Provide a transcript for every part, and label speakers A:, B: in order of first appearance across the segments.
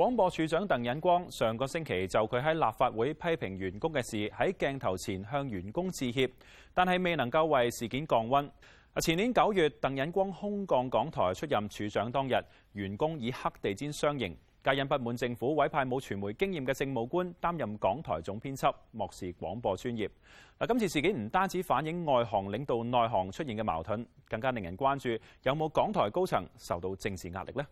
A: 廣播處長鄧忍光上個星期就佢喺立法會批評員工嘅事，喺鏡頭前向員工致歉，但係未能夠為事件降溫。前年九月，鄧忍光空降港台出任處長當日，員工以黑地氈相迎，皆因不滿政府委派冇傳媒經驗嘅政務官擔任港台總編輯，漠視廣播專業。嗱，今次事件唔單止反映外行領導內行出現嘅矛盾，更加令人關注，有冇港台高層受到政治壓力呢？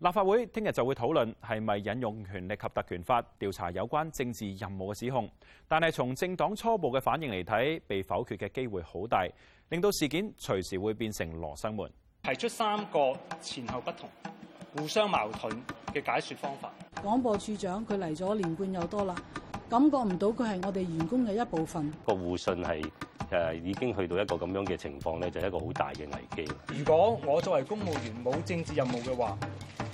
A: 立法會聽日就會討論係咪引用權力及特權法調查有關政治任務嘅指控，但係從政黨初步嘅反應嚟睇，被否決嘅機會好大，令到事件隨時會變成羅生門。
B: 提出三個前後不同、互相矛盾
C: 嘅解說方法。
D: 廣播處長佢嚟咗年半又多啦，感覺唔到佢係我哋員工嘅一部分。
C: 個互信係誒已經去到一個咁樣嘅情況呢就係、是、一個好大嘅危機。
B: 如果我作為公務員冇政治任務嘅話。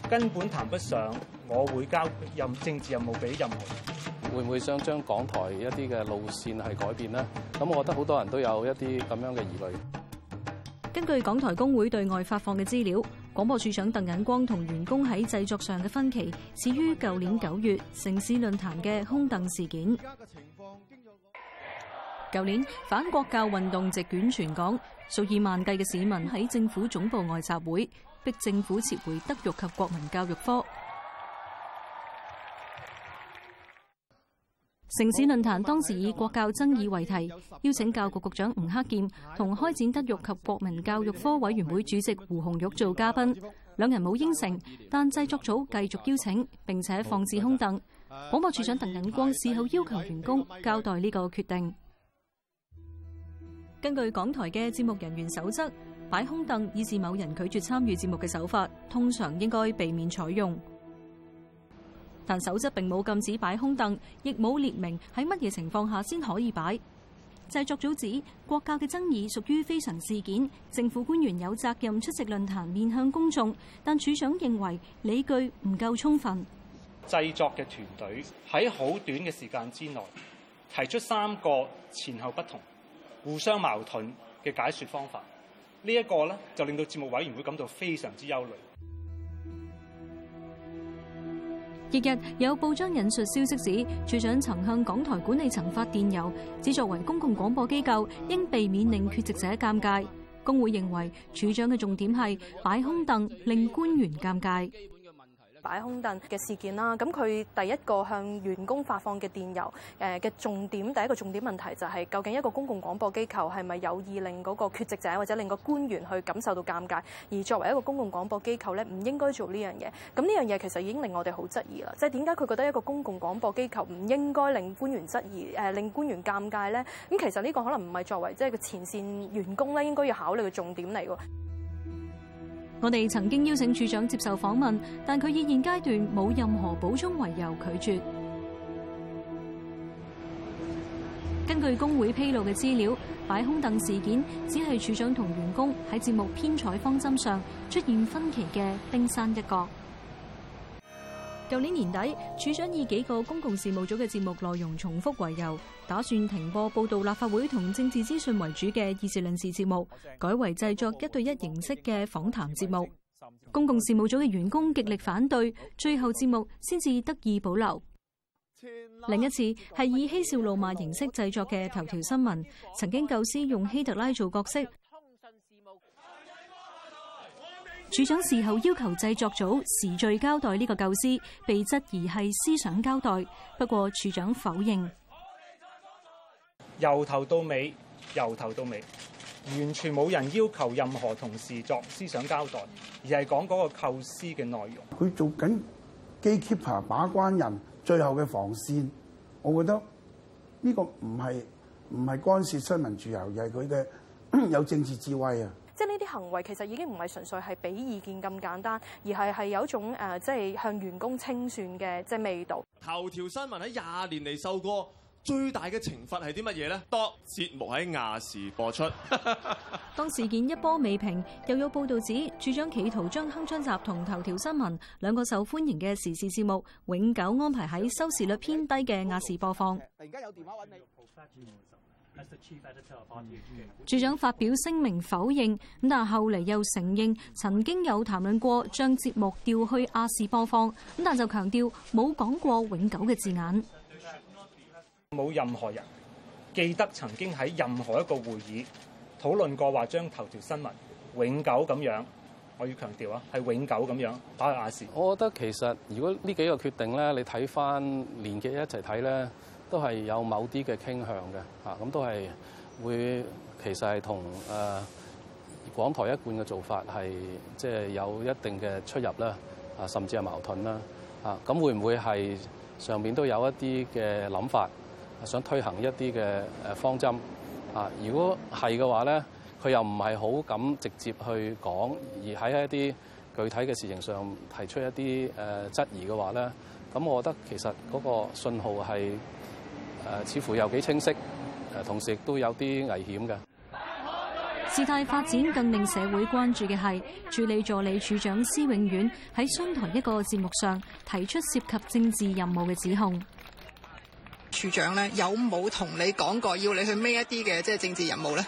B: 根本談不上，我會交任政治任務俾任何
C: 人。會唔會想將港台一啲嘅路線係改變呢？咁我覺得好多人都有一啲咁樣嘅疑慮。
E: 根據港台工會對外發放嘅資料，廣播處長鄧忍光同員工喺製作上嘅分歧始於舊年九月城市論壇嘅空凳事件。而家嘅情況，舊年反國教運動席捲全港，數以萬計嘅市民喺政府總部外集會。逼政府撤回德育及國民教育科。城市論壇當時以國教爭議為題，邀請教育局局長吳克儉同開展德育及國民教育科委員會主席胡紅玉做嘉賓，兩人冇應承，但製作組繼續邀請，並且放置空凳。廣播處長鄧忍光事後要求員工交代呢個決定。根據港台嘅節目人員守則。擺空凳以示某人拒絕參與節目嘅手法，通常應該避免採用。但守則並冇禁止擺空凳，亦冇列明喺乜嘢情況下先可以擺。製作組指國教嘅爭議屬於非常事件，政府官員有責任出席論壇面向公眾，但處長認為理據唔夠充分。
B: 製作嘅團隊喺好短嘅時間之內提出三個前後不同、互相矛盾嘅解說方法。呢一個咧，就令到節目委員會感到非常之憂慮。
E: 日日有報章引述消息指，處長曾向港台管理層發電郵，指作為公共廣播機構，應避免令缺席者尷尬。工會認為，處長嘅重點係擺空凳，令官員尷尬。
D: 擺空凳嘅事件啦，咁佢第一個向員工發放嘅電郵，誒嘅重點，第一個重點問題就係究竟一個公共廣播機構係咪有意令嗰個缺席者或者令個官員去感受到尷尬？而作為一個公共廣播機構咧，唔應該做呢樣嘢。咁呢樣嘢其實已經令我哋好質疑啦。即係點解佢覺得一個公共廣播機構唔應該令官員質疑，誒令官員尷尬呢？咁其實呢個可能唔係作為即係個前線員工咧，應該要考慮嘅重點嚟㗎。
E: 我哋曾經邀請處長接受訪問，但佢以現階段冇任何補充為由拒絕。根據工會披露嘅資料，擺空凳事件只係處長同員工喺節目編採方針上出現分歧嘅冰山一角。舊年年底，處長以幾個公共事務組嘅節目內容重複為由，打算停播報道立法會同政治資訊為主嘅議事論事節目，改為製作一對一形式嘅訪談節目。公共事務組嘅員工極力反對，最後節目先至得以保留。另一次係以嬉笑怒罵形式製作嘅頭條新聞，曾經構思用希特拉做角色。處長事後要求製作組時序交代呢個構思，被質疑係思想交代。不過，處長否認，
B: 由頭到尾，由頭到尾，完全冇人要求任何同事作思想交代，而係講嗰個構思嘅內容。
F: 佢做緊 gatekeeper 把關人，最後嘅防線。我覺得呢個唔係唔係干涉新聞自由，而係佢嘅有政治智慧啊！
D: 即係呢啲行為其實已經唔係純粹係俾意見咁簡單，而係係有一種誒、呃，即係向員工清算嘅即係味道。
B: 頭條新聞喺廿年嚟受過最大嘅懲罰係啲乜嘢咧？多節目喺亞視播出。
D: 當事件一波
E: 未平，又有報導指，處長企圖將《鏗鏘集》同《頭條新聞》兩個受歡迎嘅時事節目，永久安排喺收視率偏低嘅亞視播放。
A: 突然間有電話揾你。署、嗯、長發
E: 表聲明否認，咁但後嚟，又承認曾經有談論過將節目調去亞視播放，咁但就強調冇講過永久嘅字眼。
B: 冇任何人記得曾經喺任何一個會議討論過話將頭條新聞永久咁樣。我要強調啊，係永久咁樣
C: 打去亞視。我覺得其實如果呢幾個決定咧，你睇翻連結一齊睇咧。都係有某啲嘅傾向嘅，吓、啊，咁都係會其實係同誒港台一貫嘅做法係即係有一定嘅出入啦，啊甚至係矛盾啦，啊咁、啊、會唔會，係上面都有一啲嘅諗法，想推行一啲嘅誒方針啊？如果係嘅話，咧，佢又唔係好敢直接去講，而喺一啲具體嘅事情上提出一啲誒質疑嘅話，咧，咁我覺得其實嗰個信號係。呃似乎有幾清晰，同時亦都有啲危險嘅。
E: 事態發展更令社會關注嘅係署理助理處長施永遠喺商台一個節目上提出涉
D: 及政治任務嘅指控。處長咧有冇同你講過要你去孭一啲嘅即係政治任務咧？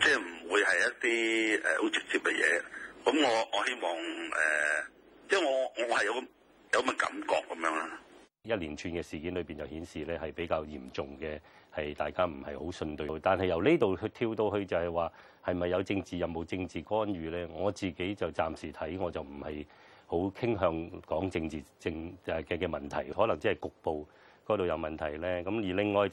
F: 即係唔會係一啲呃好直接嘅嘢。咁我我希望、呃、即係我我係有有
C: 咁嘅感覺咁樣啦。一連串嘅事件裏邊就顯示咧係比較嚴重嘅，係大家唔係好信對的。但係由呢度去跳到去就係話係咪有政治任務、政治干預咧？我自己就暫時睇我就唔係好傾向講政治政嘅嘅問題，可能即係局部嗰度有問題咧。咁而另外，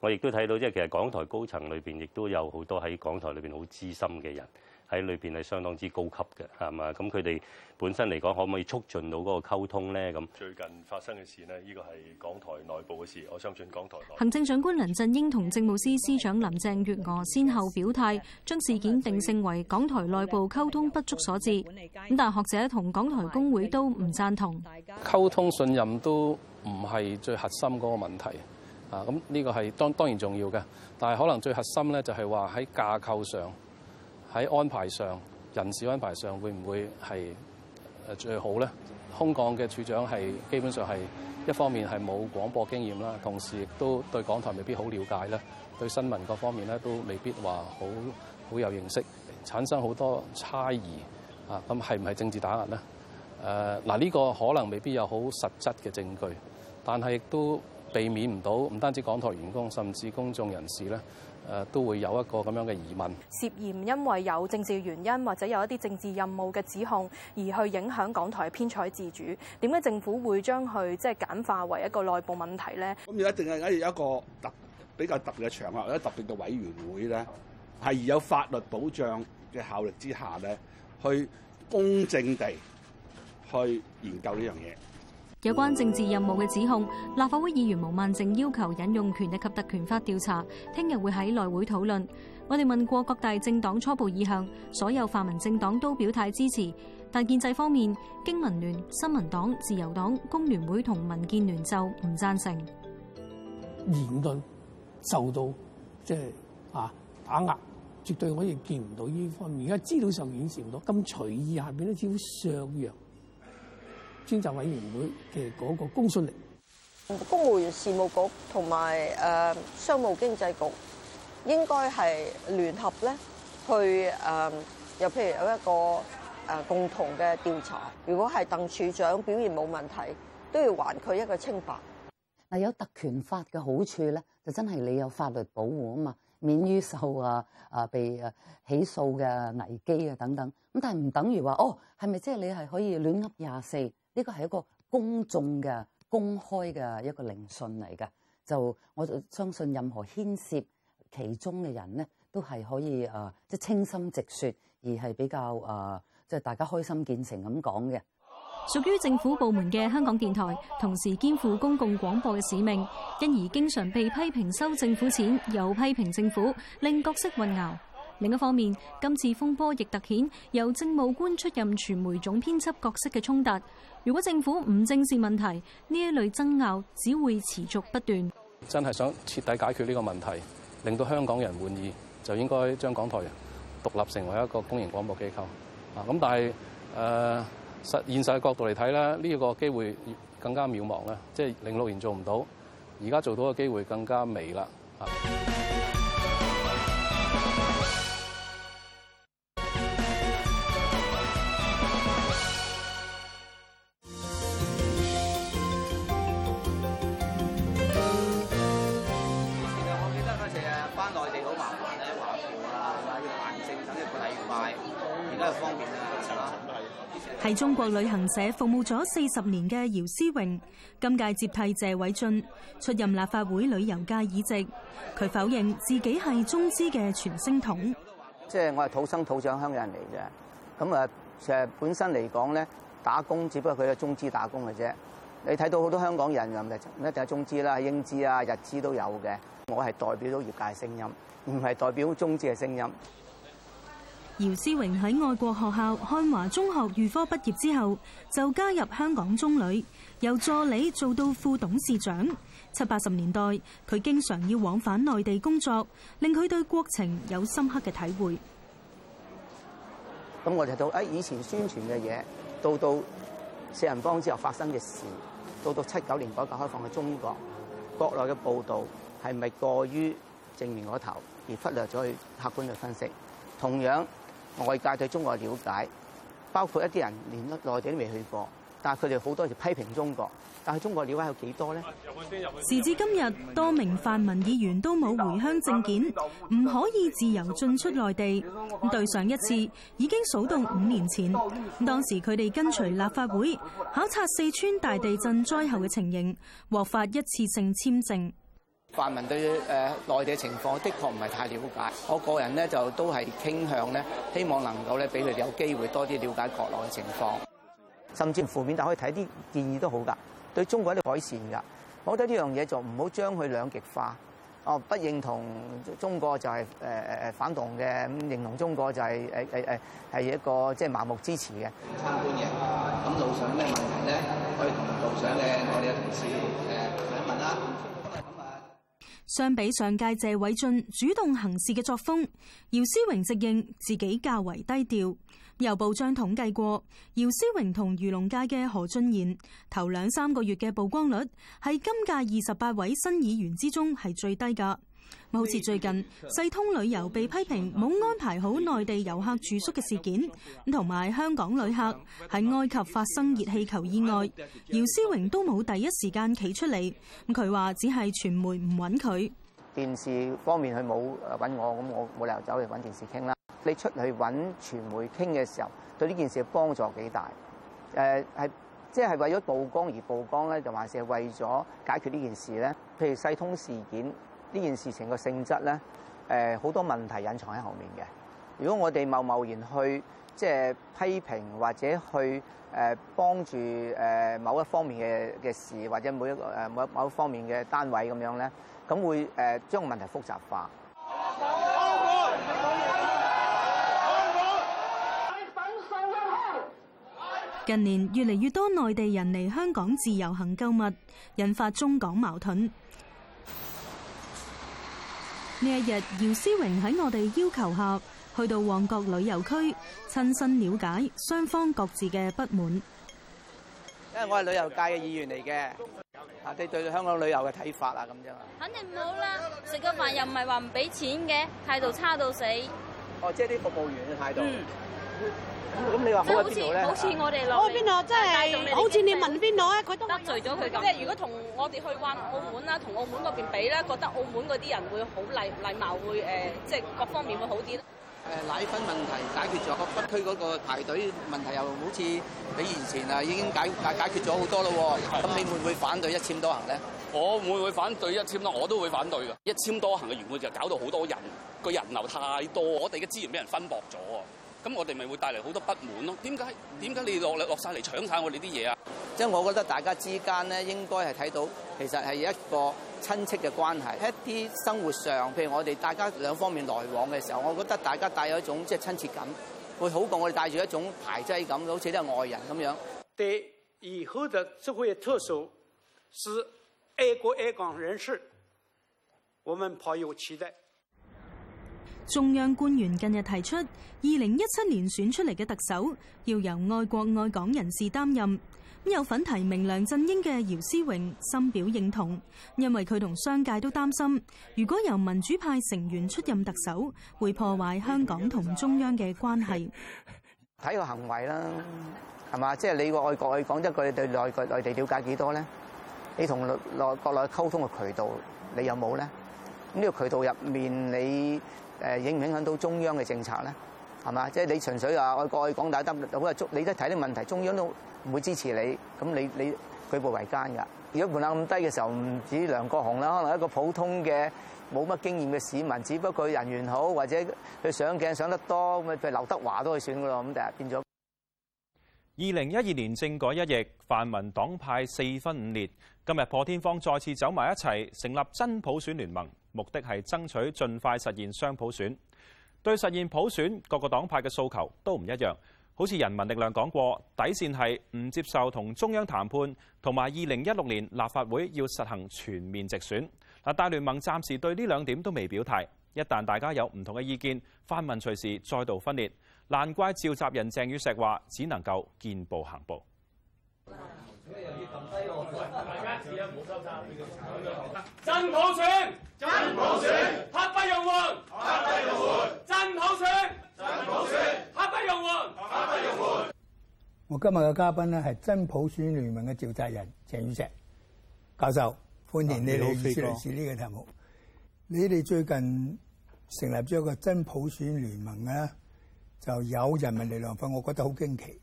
C: 我亦都睇到即係其實港台高層裏邊亦都有好多喺港台裏邊好資深嘅人。喺裏邊係相當之高級嘅，係嘛？咁佢哋本身嚟講，可唔可以促進到嗰個溝通咧？咁最近發生嘅事呢，呢個係港台內部嘅事，我相信港台的行政長
E: 官梁振英同政務司司長林鄭月娥先後表態，將事件定性為港台內部溝通不足所致。咁但係學者同港台工會都唔贊同。
C: 溝通信任都唔係最核心嗰個問題。啊，咁呢個係當當然重要嘅，但係可能最核心咧就係話喺架構上。喺安排上人事安排上會唔會，係最好咧？空降嘅處長是，係基本上係一方面係冇廣播經驗啦，同時亦都對港台未必好了解咧，對新聞各方面咧都未必話好好有認識產生好多猜疑啊！咁係唔係政治打壓咧？誒，嗱呢個可能未必有好實質嘅證據，但係亦都避免唔到唔單止港台員工，甚至公眾人士咧。都會有一個咁樣嘅疑問，
D: 涉嫌因為有政治原因或者有一啲政治任務嘅指控而去影響港台嘅編採自主，點解政府會將佢即簡化為一個內部問題咧？咁要
B: 一定係有一個特比較特別嘅場合或者特別嘅委員會咧，係有法律保障嘅效力之下咧，去公正地去研究呢樣嘢。
E: 有關政治任務嘅指控，立法會議員毛孟靜要求引用權力及特權法調查，聽日會喺內會討論。我哋問過各大政黨初步意向，所有泛民政黨都表態支持，但建制方面，經民聯、新民黨、自由黨、工聯會同民建聯就唔贊成。
C: 言論受到即係、就是、啊打壓，絕對可以見唔到呢方面。而家資料上顯示唔到咁隨意下面咧，只會削弱專責委員會嘅嗰個公信力，
D: 公務員事務局同埋誒商務經濟局應該係聯合咧去誒，又譬如有一個誒共同嘅調查。如果係鄧處長表現冇問題，都要還佢一個清白。
C: 嗱，有特權法嘅好處咧，就真係你有法律保護啊嘛，免於受啊啊被誒起訴嘅危機啊等等。咁但係唔等於話哦，係咪即係你係可以亂噏廿四？呢個係一個公眾嘅、公開嘅一個聆訊嚟嘅，就我就相信任何牽涉其中嘅人呢，都係可以誒，即、呃、係清心直説，而係比較誒，即、呃、係大家開心見成開心見誠咁講嘅。
E: 屬於政府部門嘅香港電台，同時肩負公共廣播嘅使命，因而經常被批評收政府錢，又批評政府，令角色混淆。另一方面，今次風波亦突顯由政務官出任傳媒總編輯角色嘅衝突。如果政府唔正視問題，呢一類爭拗只會持續不斷，
C: 真係想徹底解決呢個問題，令到香港人滿意，就應該將港台獨立成為一個公營廣播機構啊，咁但係誒、呃、實現實嘅角度嚟睇咧，呢、個機會更加渺茫啦。即係零六年做唔到，而家做到嘅機會更加微啦。
G: 內地好麻煩咧，畫圖啊，要辦證等一個禮拜，而家又方便啦，成日都係。係中
H: 國旅行社服務咗四十年嘅姚思榮，今屆接替謝偉俊出任立法會旅遊界議席。佢否認自己係中資嘅傳聲筒，
G: 即係我係土生土長香港人嚟啫。咁啊，其實本身嚟講咧，打工只不過佢係中資打工嘅啫。你睇到好多香港人又唔係一定係中資啦，英資啊、日資都有嘅。我係代表到業界聲音，唔係代表中資嘅聲音。
H: 姚思榮喺愛國學校漢華中學預科畢業之後，就加入香港中旅，由助理做到副董事長。七八十年代，佢經常要往返內地工作，令佢對國情有深刻嘅體會。
G: 咁我哋到誒以前宣傳嘅嘢，到到四人幫之後發生嘅事，到到七九年改革開放嘅中國國內嘅報導。係咪過於正面嗰頭而忽略咗去客觀嘅分析？同樣外界對中國嘅了解，包括一啲人連內地都未去過，但係佢哋好多時批評中國。但係中國了解有幾多呢？時至
H: 今日，多名泛民議員都冇回鄉證件，唔可以自由進出內地。對上一次已經數到五年前，當時佢哋跟隨立法會考察四川大地震災後嘅情形，獲發一次性簽證。
G: 泛民對誒內地的情況的確唔係太了解，我個人咧就都係傾向咧，希望能夠咧俾佢哋有機會多啲了解國內嘅情況，甚至負面，但可以睇啲建議都好噶，對中國係一啲改善噶，我覺得呢樣嘢就唔好將佢兩極化，哦不認同中國就係誒誒誒反動嘅，咁認同中國就係誒誒誒係一個即係盲目支持嘅。參觀嘅，咁路上咩問題咧？可以同路上嘅我哋嘅同事誒。相比上屆
H: 謝偉俊主動行事嘅作風，姚思榮直認自己較為低調。有報章統計過，姚思榮同漁農界嘅何俊賢頭兩三個月嘅曝光率係今屆二十八位新議員之中係最低㗎。咁好似最近世通旅遊被批評冇安排好內地遊客住宿嘅事件，咁同埋香港旅客喺埃及發生熱氣球意外，姚思榮都冇第一時間企出嚟。咁佢話只係傳媒唔揾佢。
G: 電視方面，佢冇揾我，咁我冇理由走去揾電視傾啦。你出去揾傳媒傾嘅時候，對呢件事嘅幫助幾大？誒係即係為咗曝光而曝光咧，就還是係為咗解決呢件事咧。譬如世通事件。呢件事情嘅性質咧，誒好多問題隱藏喺後面嘅。如果我哋貿貿然去即係批評或者去誒幫助誒某一方面嘅嘅事，或者每一個誒某一某一方面嘅單位咁樣咧，咁會誒將問題複雜化。
H: 近年越嚟越多內地人嚟香港自由行購物，引發中港矛盾。呢一日，姚思榮喺我哋要求下，去到旺角旅遊區，親身了解雙方各自嘅不滿。
G: 因為我係旅遊界嘅議員嚟嘅，啊，你對香港旅遊嘅睇法啊，咁樣。
E: 肯定唔好啦，食個飯又唔係話唔俾錢嘅，態度差到死。
G: 哦，即係啲服務員嘅態度。
D: 咁、嗯、你話邊個好似我哋咯，邊度，即係好似你問邊度咧，佢得罪咗佢咁，即係如果同我哋去玩，澳門啦，同澳門嗰邊比咧，覺得澳門嗰啲人會好禮禮貌，會誒，即係各方面會好啲。誒
G: 奶粉問題解決咗，北區嗰個排隊問題又好似比以前啊，已經解解解決咗好多咯。咁你會唔會反對一簽多行咧？我會唔會反對一簽？多，我都會反對噶。一簽多行嘅
B: 原本就搞到好多人，個人流太多，我哋嘅資源俾人分薄咗咁我哋咪會
C: 帶嚟好多不滿咯、啊？點解？點解、嗯、你落嚟落晒嚟搶晒我哋啲嘢啊？
G: 即係我覺得大家之間咧，應該係睇到其實係一個親戚嘅關係，在一啲生活上，譬如我哋大家兩方面來往嘅時候，我覺得大家帶有一種即係親切感，會好過我哋帶住一種排擠感，好似啲外人咁
B: 樣。
H: 中央官員近日提出，二零一七年選出嚟嘅特首要由愛國愛港人士擔任。咁有份提名梁振英嘅姚思榮深表認同，因為佢同商界都擔心，如果由民主派成員出任特首，會破壞香港同中央嘅關係。
G: 睇個行為啦，係嘛？即係你個愛國愛港，一句對內國內地瞭解幾多咧？你同內內國內溝通嘅渠道你有冇咧？咁呢個渠道入面你？誒影唔影響到中央嘅政策咧？係嘛？即係你純粹話愛國愛港大得，好啊中，你都睇啲問題，中央都唔會支持你，咁你你舉步維艱㗎。如果門檻咁低嘅時候，唔止梁國雄啦，可能一個普通嘅冇乜經驗嘅市民，只不過人緣好或者佢上鏡上得多，咁譬如劉德華都可以選㗎咯，咁第日變咗。
A: 二零一二年政改一役，泛民黨派四分五裂。今日破天荒再次走埋一齊，成立真普選聯盟，目的係爭取盡快實現雙普選。對實現普選，各個黨派嘅訴求都唔一樣，好似人民力量講過底線係唔接受同中央談判，同埋二零一六年立法會要實行全面直選。嗱，大聯盟暫時對呢兩點都未表態，一旦大家有唔同嘅意見，泛民隨時再度分裂。難怪召集人鄭宇碩話，只能夠見步行步。
C: 真普選，真普選，刻不容緩，刻不容緩。真普選，不真普選，刻不容緩，
F: 刻不容緩。我今日嘅嘉賓咧係真普選聯盟嘅召集人鄭宇碩教授，歡迎、啊、你哋主持呢個題目。你哋最近成立咗個真普選聯盟啊？就有人民力量份，我覺得好驚奇。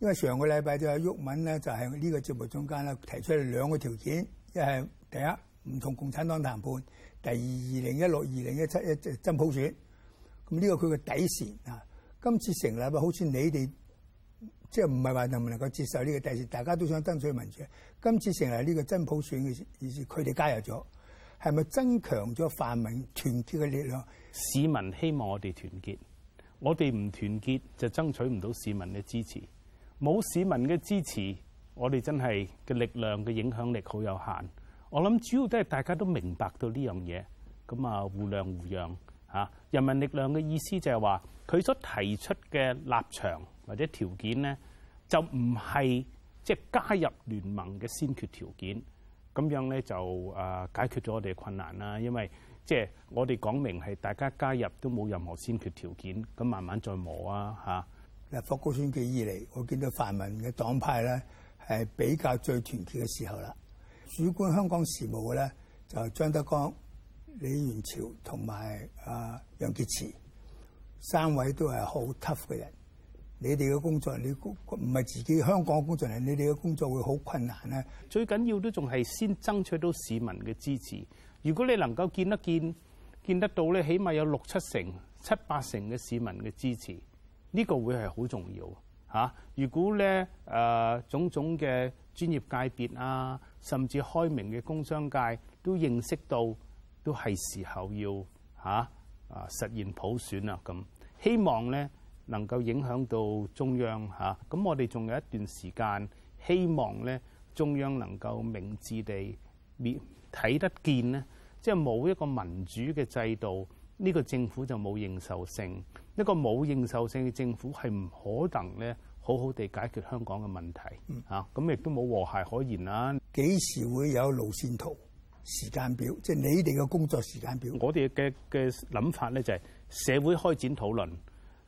F: 因為上個禮拜就阿毓民咧，就喺、是、呢個節目中間咧提出兩個條件：一係第一唔同共產黨談判，第二二零一六、二零一七一真普選，咁、這、呢個佢嘅底線啊！今次成立啊，好似你哋即係唔係話能唔能夠接受呢個底線，大家都想爭取民主。今次成立呢個真普選嘅意思佢哋加入咗，係咪增強咗泛民團結嘅力量？
I: 市民希望我哋團結。我哋唔團結就爭取唔到市民嘅支持，冇市民嘅支持，我哋真係嘅力量嘅影響力好有限。我諗主要都係大家都明白到呢樣嘢，咁啊互諒互讓吓。人民力量嘅意思就係話，佢所提出嘅立場或者條件呢，就唔係即加入聯盟嘅先決條件，咁樣呢，就誒解決咗我哋困難啦，因為。即係我哋講明係大家加入都冇任何先決條件，咁慢慢再磨啊嚇。
F: 嗱，霍高選舉以嚟，我見到泛民嘅黨派咧係比較最團結嘅時候啦。主管香港事務嘅咧就係張德江、李源潮同埋啊楊潔篪三位都係好 tough 嘅人。你哋嘅工作，你唔係自己香港工作人，你哋嘅工作會好困難咧。
I: 最緊要都仲係先爭取到市民嘅支持。如果你能夠見得見，見得到咧，起碼有六七成、七八成嘅市民嘅支持，呢個會係好重要啊！嚇，如果咧誒，種種嘅專業界別啊，甚至開明嘅工商界都認識到，都係時候要嚇啊實現普選啦！咁希望咧能夠影響到中央嚇，咁我哋仲有一段時間，希望咧中央能夠明智地滅。睇得見，咧，即係冇一個民主嘅制度，呢個政府就冇認受性。一個冇認受性嘅政府係唔可能咧好好地解決香港嘅問題。嚇、嗯，咁亦都冇和諧可言啦、啊。
F: 幾時會有路線圖、時間表？即係你哋嘅工作時間表。
I: 我哋嘅嘅諗法咧就係社會開展討論，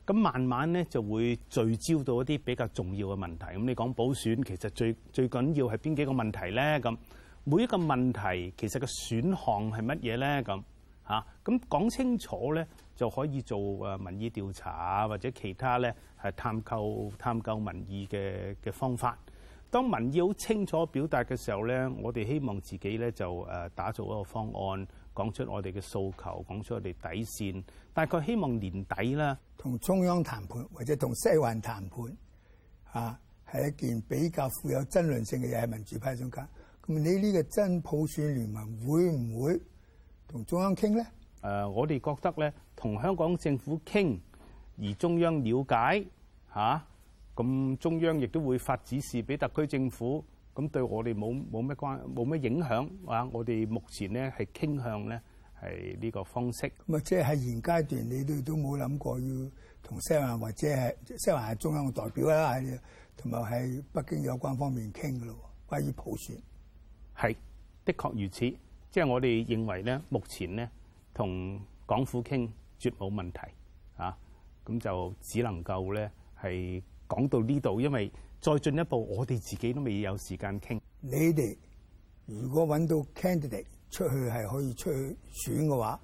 I: 咁慢慢咧就會聚焦到一啲比較重要嘅問題。咁你講普選，其實最最緊要係邊幾個問題咧？咁每一個問題其實個選項係乜嘢咧？咁嚇咁講清楚咧，就可以做誒民意調查或者其他咧係探究探求民意嘅嘅方法。當民意好清楚表達嘅時候咧，我哋希望自己咧就誒打造一個方案，講出我哋嘅訴求，講出我哋底線。大概希望年底啦
F: 同中央談判或者同西環談判啊，係一件比較富有爭論性嘅嘢，係民主派中間。你呢個真普選聯盟會唔會同中央傾咧？誒、
I: 呃，我哋覺得咧，同香港政府傾，而中央了解嚇，咁、啊、中央亦都會發指示俾特區政府，咁對我哋冇冇咩關冇咩影響啊？我哋目前咧係傾向咧係呢個方
F: 式。咁啊，即係現階段，你哋都冇諗過要同西環或者係西環係中央嘅代表啦，係同埋喺北京有關方面傾嘅咯，關於普選。
I: 係，是的確如此。即係我哋認為咧，目前咧同港府傾絕冇問題。啊，咁就只能夠咧係講到呢度，因為再進一步，我哋自己都未有時間傾。
F: 你哋如果揾到 candidate 出去係可以出去選嘅話，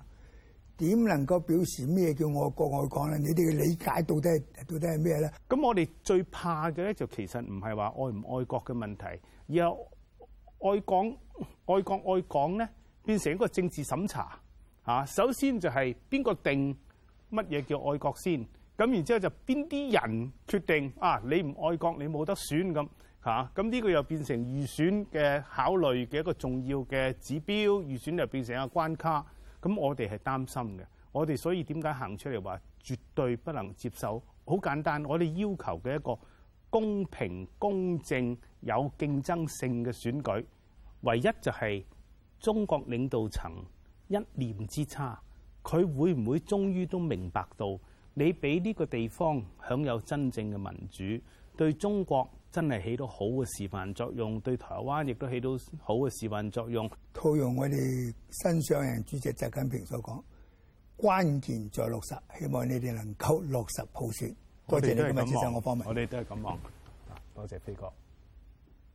F: 點能夠表示咩叫我國外港咧？你哋嘅理解到底係到底係咩咧？
I: 咁我哋最怕嘅咧就其實唔係話愛唔愛國嘅問題，愛港、愛國、愛港呢，變成一個政治審查嚇、啊。首先就係邊個定乜嘢叫愛國先，咁然之後就邊啲人決定啊？你唔愛國，你冇得選咁嚇。咁、啊、呢個又變成預選嘅考慮嘅一個重要嘅指標，預選又變成一個關卡。咁我哋係擔心嘅。我哋所以點解行出嚟話絕對不能接受？好簡單，我哋要求嘅一個公平、公正。有競爭性嘅選舉，唯一就係中國領導層一念之差，佢會唔會終於都明白到你俾呢個地方享有真正嘅民主，對中國真係起到好嘅示範作用，對台灣亦都起到好嘅示範作用。
F: 套用我哋新上任主席習近平所講：關鍵在落實。希望你哋能夠落實普選。多謝你今日接受我訪問。我
I: 哋都係咁望。多謝飛哥。